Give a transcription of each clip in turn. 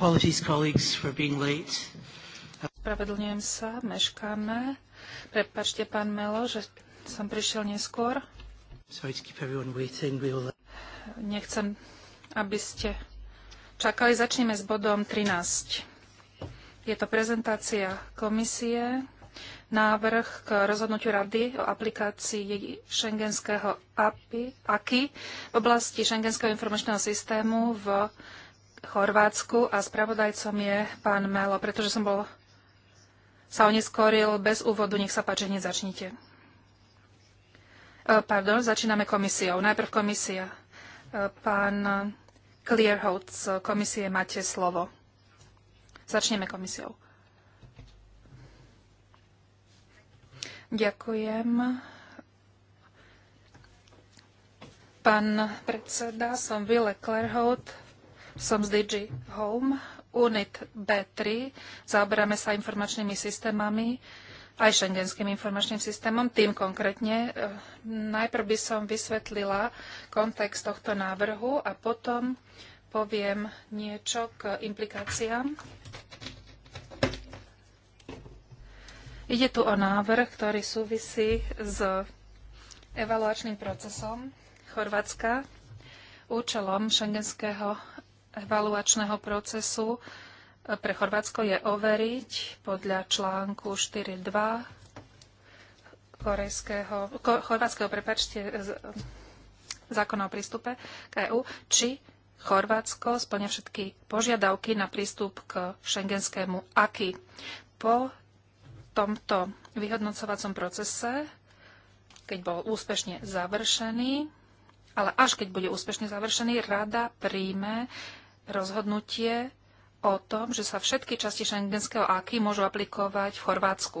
Apologies, colleagues, for being late. Spravedlňujem sa, meškáme. Prepačte, pán Melo, že som prišiel neskôr. Sorry to keep everyone waiting. We'll... Uh, Nechcem, aby ste čakali. Začneme s bodom 13. Je to prezentácia komisie, návrh k rozhodnutiu Rady o aplikácii šengenského API, v oblasti šengenského informačného systému v Chorvátsku a spravodajcom je pán Melo, pretože som bol sa oneskoril bez úvodu. Nech sa páči, hneď začnite. E, pardon, začíname komisiou. Najprv komisia. E, pán Clearhout z komisie, máte slovo. Začneme komisiou. Ďakujem. Pán predseda, som Ville Clerhout, som z DG Home, Unit B3. Zaoberáme sa informačnými systémami, aj šengenským informačným systémom, tým konkrétne. Eh, najprv by som vysvetlila kontext tohto návrhu a potom poviem niečo k implikáciám. Ide tu o návrh, ktorý súvisí s evaluačným procesom Chorvátska účelom šengenského evaluačného procesu e, pre Chorvátsko je overiť podľa článku 4.2 korejského, chorvátskeho, prepačte, zákona o prístupe k EU, či Chorvátsko splňa všetky požiadavky na prístup k šengenskému AKI. Po tomto vyhodnocovacom procese, keď bol úspešne završený, ale až keď bude úspešne završený, rada príjme rozhodnutie o tom, že sa všetky časti šengenského AKI môžu aplikovať v Chorvátsku.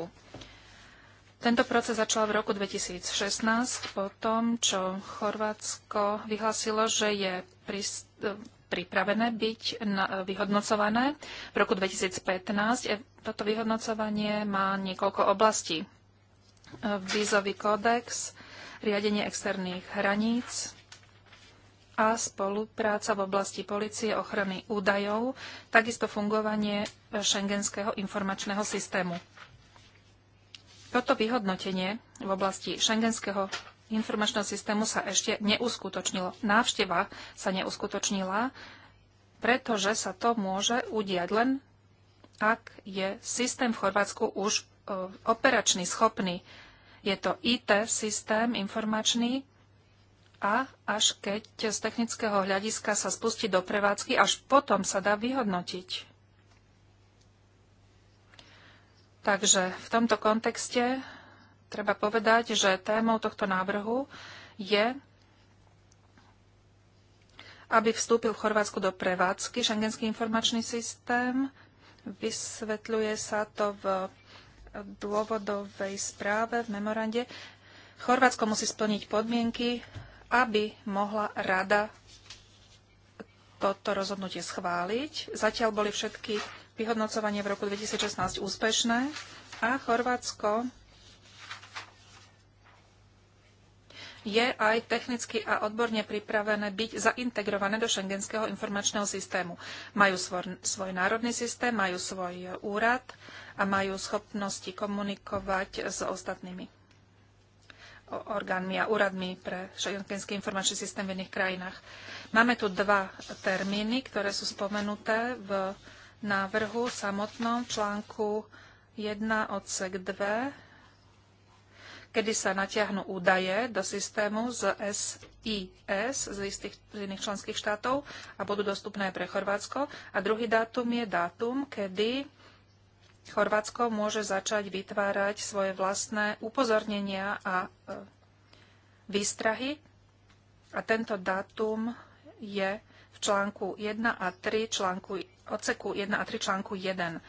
Tento proces začal v roku 2016 po tom, čo Chorvátsko vyhlásilo, že je pripravené byť vyhodnocované. V roku 2015 e- toto vyhodnocovanie má niekoľko oblastí. E, vízový kódex, riadenie externých hraníc, a spolupráca v oblasti policie, ochrany údajov, takisto fungovanie e, šengenského informačného systému. Toto vyhodnotenie v oblasti šengenského informačného systému sa ešte neuskutočnilo. Návšteva sa neuskutočnila, pretože sa to môže udiať len, ak je systém v Chorvátsku už e, operačný, schopný. Je to IT systém informačný, a až keď z technického hľadiska sa spustí do prevádzky, až potom sa dá vyhodnotiť. Takže v tomto kontexte treba povedať, že témou tohto návrhu je, aby vstúpil v Chorvátsku do prevádzky šengenský informačný systém. Vysvetľuje sa to v dôvodovej správe, v memorande. Chorvátsko musí splniť podmienky aby mohla rada toto rozhodnutie schváliť. Zatiaľ boli všetky vyhodnocovanie v roku 2016 úspešné a Chorvátsko je aj technicky a odborne pripravené byť zaintegrované do šengenského informačného systému. Majú svoj, svoj národný systém, majú svoj úrad a majú schopnosti komunikovať s ostatnými orgánmi a úradmi pre šengenský informačný systém v iných krajinách. Máme tu dva termíny, ktoré sú spomenuté v návrhu samotnom článku 1 odsek 2, kedy sa natiahnu údaje do systému z SIS z istých z iných členských štátov a budú dostupné pre Chorvátsko. A druhý dátum je dátum, kedy Chorvátsko môže začať vytvárať svoje vlastné upozornenia a e, výstrahy. A tento dátum je v článku 1 a 3 článku, odseku 1 a 3 článku 1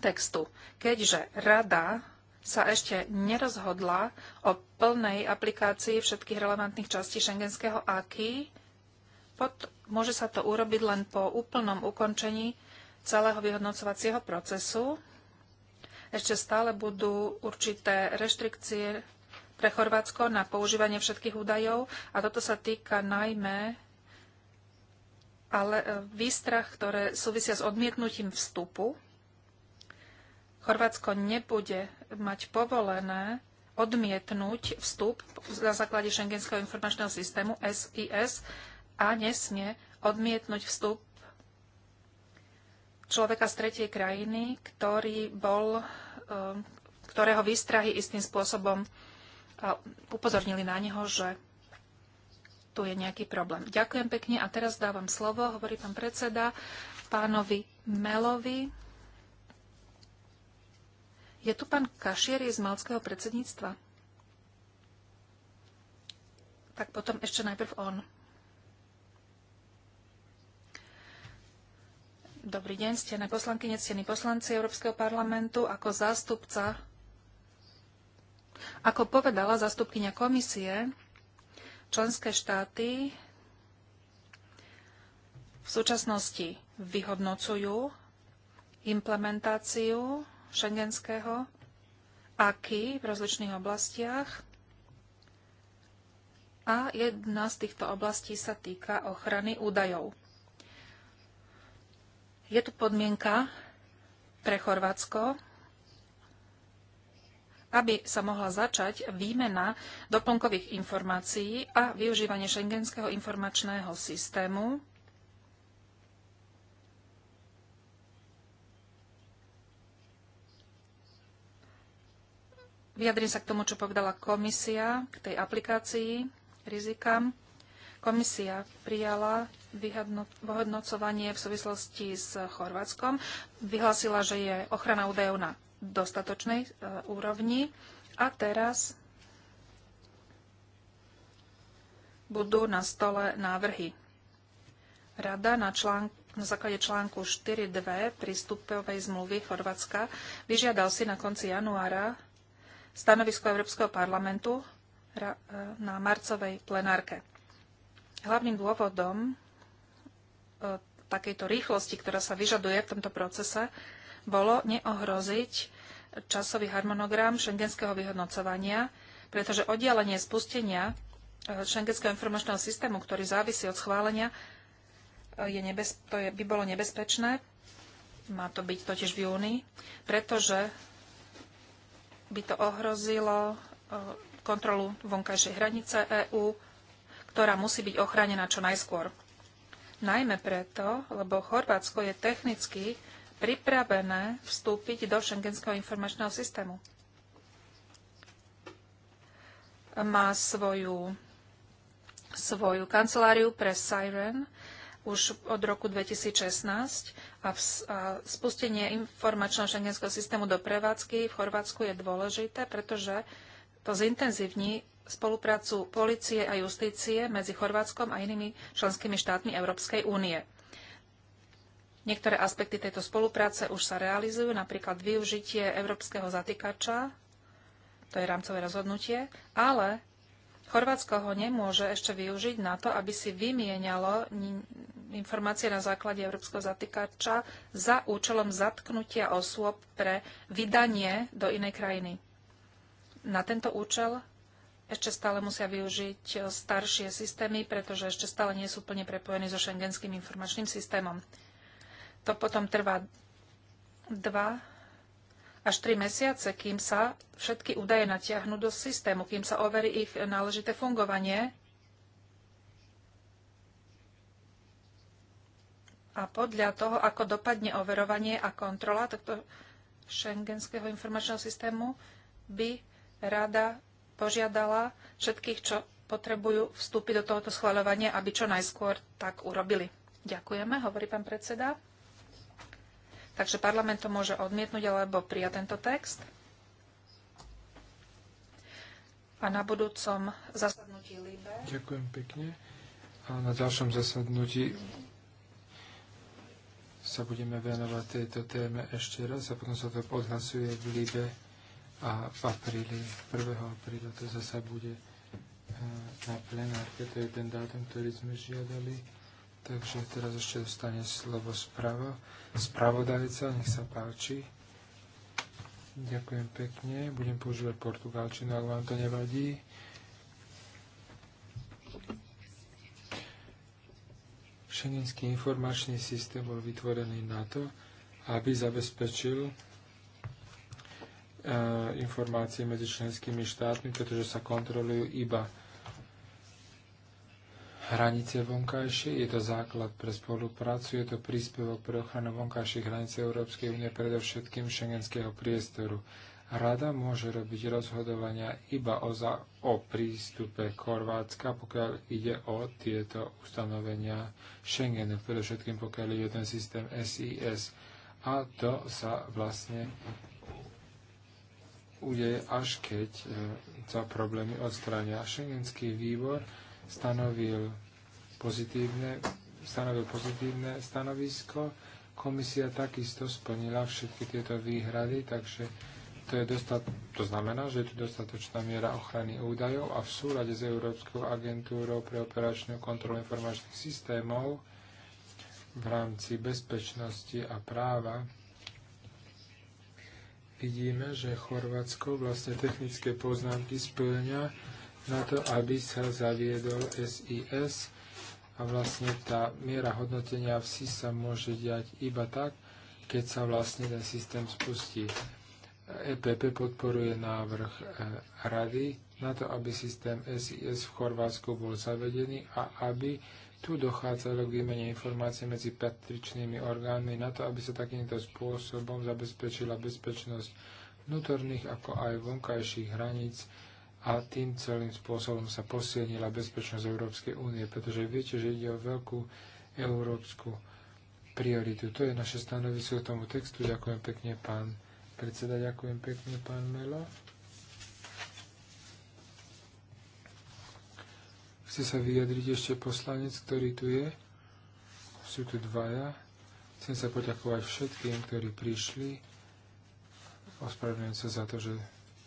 textu. Keďže rada sa ešte nerozhodla o plnej aplikácii všetkých relevantných častí šengenského AKI, pod, môže sa to urobiť len po úplnom ukončení celého vyhodnocovacieho procesu. Ešte stále budú určité reštrikcie pre Chorvátsko na používanie všetkých údajov a toto sa týka najmä ale e, výstrach, ktoré súvisia s odmietnutím vstupu. Chorvátsko nebude mať povolené odmietnúť vstup na základe Schengenského informačného systému SIS a nesmie odmietnúť vstup človeka z tretej krajiny, ktorý bol, e, ktorého výstrahy istým spôsobom e, upozornili na neho, že tu je nejaký problém. Ďakujem pekne a teraz dávam slovo, hovorí pán predseda, pánovi Melovi. Je tu pán Kašieri z malského predsedníctva? Tak potom ešte najprv on. Dobrý deň, stené poslankyne, stení poslanci Európskeho parlamentu. Ako zástupca, ako povedala zástupkynia komisie, členské štáty v súčasnosti vyhodnocujú implementáciu šengenského aky v rozličných oblastiach. A jedna z týchto oblastí sa týka ochrany údajov. Je tu podmienka pre Chorvátsko, aby sa mohla začať výmena doplnkových informácií a využívanie šengenského informačného systému. Vyjadrím sa k tomu, čo povedala komisia, k tej aplikácii rizikám. Komisia prijala vyhodnocovanie v súvislosti s Chorvátskom. Vyhlásila, že je ochrana údajov na dostatočnej e, úrovni a teraz budú na stole návrhy. Rada na, článk, na základe článku 4.2 prístupovej zmluvy Chorvátska vyžiadal si na konci januára stanovisko Európskeho parlamentu e, na marcovej plenárke. Hlavným dôvodom e, takejto rýchlosti, ktorá sa vyžaduje v tomto procese, bolo neohroziť časový harmonogram šengenského vyhodnocovania, pretože oddialenie spustenia e, šengenského informačného systému, ktorý závisí od schválenia, e, je nebez, to je, by bolo nebezpečné. Má to byť totiž v júni, pretože by to ohrozilo kontrolu vonkajšej hranice EÚ, ktorá musí byť ochránená čo najskôr. Najmä preto, lebo Chorvátsko je technicky pripravené vstúpiť do šengenského informačného systému. Má svoju, svoju kanceláriu pre Siren už od roku 2016 a, v, a spustenie informačného šengenského systému do prevádzky v Chorvátsku je dôležité, pretože to zintenzívni spoluprácu policie a justície medzi Chorvátskom a inými členskými štátmi Európskej únie. Niektoré aspekty tejto spolupráce už sa realizujú, napríklad využitie európskeho zatýkača, to je rámcové rozhodnutie, ale Chorvátsko ho nemôže ešte využiť na to, aby si vymienalo informácie na základe európskeho zatýkača za účelom zatknutia osôb pre vydanie do inej krajiny. Na tento účel ešte stále musia využiť e, staršie systémy, pretože ešte stále nie sú plne prepojení so šengenským informačným systémom. To potom trvá dva až tri mesiace, kým sa všetky údaje natiahnú do systému, kým sa overí ich náležité fungovanie. A podľa toho, ako dopadne overovanie a kontrola tohto šengenského informačného systému, by rada požiadala všetkých, čo potrebujú vstúpiť do tohoto schváľovania, aby čo najskôr tak urobili. Ďakujeme, hovorí pán predseda. Takže parlament to môže odmietnúť alebo prijať tento text. A na budúcom zasadnutí Líbe. Ďakujem pekne. A na ďalšom zasadnutí sa budeme venovať tejto téme ešte raz a potom sa to odhlasuje v Líbe a v apríli, 1. apríla to zasa bude eh, na plenárke, to je ten dátum, ktorý sme žiadali. Takže teraz ešte dostane slovo spravo. Spravodajca, nech sa páči. Ďakujem pekne. Budem používať portugalčinu, ak vám to nevadí. Šengenský informačný systém bol vytvorený na to, aby zabezpečil E, informácie medzi členskými štátmi, pretože sa kontrolujú iba hranice vonkajšie, je to základ pre spoluprácu, je to príspevok pre ochranu vonkajších hraníc Európskej únie, predovšetkým šengenského priestoru. Rada môže robiť rozhodovania iba o, za, o prístupe Chorvátska, pokiaľ ide o tieto ustanovenia Schengenu, predovšetkým pokiaľ je ten systém SIS. A to sa vlastne bude až keď sa e, problémy odstránia. Schengenský výbor stanovil pozitívne, stanovil pozitívne stanovisko. Komisia takisto splnila všetky tieto výhrady, takže to, je dostat, to znamená, že je tu dostatočná miera ochrany údajov a v súlade s Európskou agentúrou pre operačnú kontrolu informačných systémov v rámci bezpečnosti a práva vidíme, že Chorvátsko vlastne technické poznámky splňa na to, aby sa zaviedol SIS a vlastne tá miera hodnotenia v SIS sa môže diať iba tak, keď sa vlastne ten systém spustí. EPP podporuje návrh e, rady na to, aby systém SIS v Chorvátsku bol zavedený a aby tu dochádzalo k výmene informácií medzi patričnými orgánmi na to, aby sa takýmto spôsobom zabezpečila bezpečnosť vnútorných ako aj vonkajších hraníc a tým celým spôsobom sa posilnila bezpečnosť Európskej únie, pretože viete, že ide o veľkú európsku prioritu. To je naše stanovisko k tomu textu. Ďakujem pekne, pán predseda. Ďakujem pekne, pán Melo. Chce sa vyjadriť ešte poslanec, ktorý tu je. Sú tu dvaja. Chcem sa poďakovať všetkým, ktorí prišli. Ospravedlňujem sa za to, že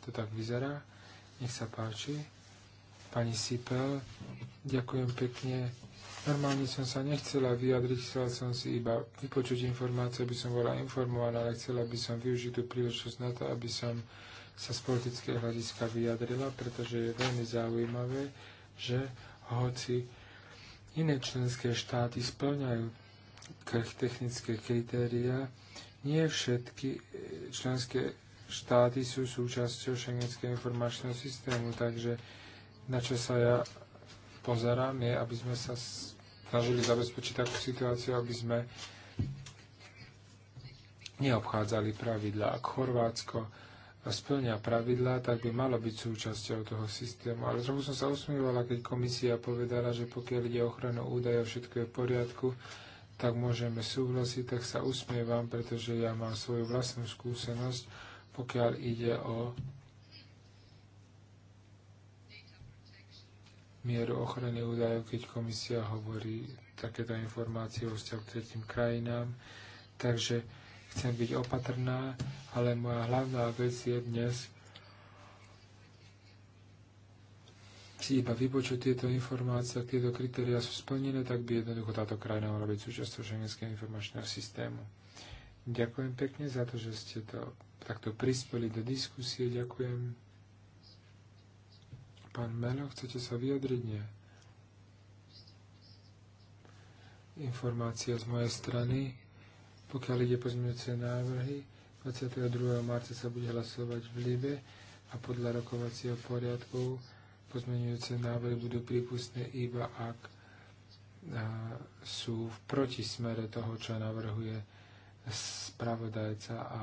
to tak vyzerá. Nech sa páči. Pani Sipel, ďakujem pekne. Normálne som sa nechcela vyjadriť, chcela som si iba vypočuť informácie, aby som bola informovaná, ale chcela by som využiť tú príležitosť na to, aby som sa z politického hľadiska vyjadrila, pretože je veľmi zaujímavé, že hoci iné členské štáty splňajú technické kritériá, nie všetky e, členské štáty sú súčasťou šengenského informačného systému, takže na čo sa ja pozerám je, aby sme sa snažili zabezpečiť takú situáciu, aby sme neobchádzali pravidla. Ak Chorvátsko a splňa pravidlá, tak by malo byť súčasťou toho systému. Ale trochu som sa usmievala, keď komisia povedala, že pokiaľ ide ochranu údajov, všetko je v poriadku, tak môžeme súhlasiť, tak sa usmievam, pretože ja mám svoju vlastnú skúsenosť, pokiaľ ide o mieru ochrany údajov, keď komisia hovorí takéto informácie o vzťahu k tretím krajinám. Takže chcem byť opatrná, ale moja hlavná vec je dnes si iba vypočuť tieto informácie, ak tieto kritéria sú splnené, tak by jednoducho táto krajina mohla byť súčasťou šengenského informačného systému. Ďakujem pekne za to, že ste to takto prispeli do diskusie. Ďakujem. Pán Melo, chcete sa vyjadriť? Nie. Informácia z mojej strany. Pokiaľ ide pozmeňujúce návrhy, 22. marca sa bude hlasovať v Libe a podľa rokovacieho poriadku pozmeňujúce návrhy budú prípustné iba ak sú v protismere toho, čo navrhuje spravodajca a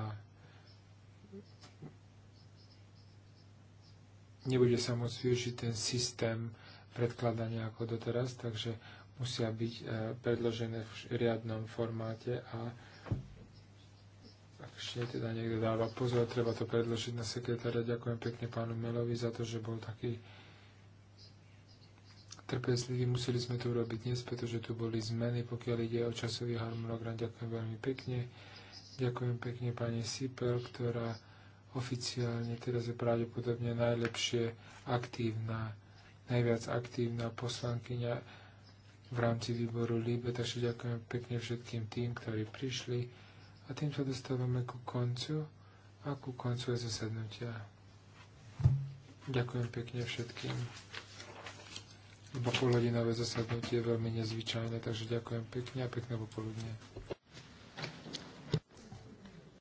nebude sa môcť využiť ten systém predkladania ako doteraz, takže musia byť e, predložené v riadnom formáte a ešte teda niekto dáva pozor, treba to predložiť na sekretára. Ďakujem pekne pánu Melovi za to, že bol taký trpezlivý. Museli sme to urobiť dnes, pretože tu boli zmeny, pokiaľ ide o časový harmonogram. Ďakujem veľmi pekne. Ďakujem pekne pani Sipel, ktorá oficiálne teraz je pravdepodobne najlepšie aktívna, najviac aktívna poslankyňa v rámci výboru LIBE, takže ďakujem pekne všetkým tým, ktorí prišli. A tým sa dostávame ku koncu a ku koncu aj zasadnutia. Ďakujem pekne všetkým. Popoludinové zasadnutie je veľmi nezvyčajné, takže ďakujem pekne a pekné popoludne.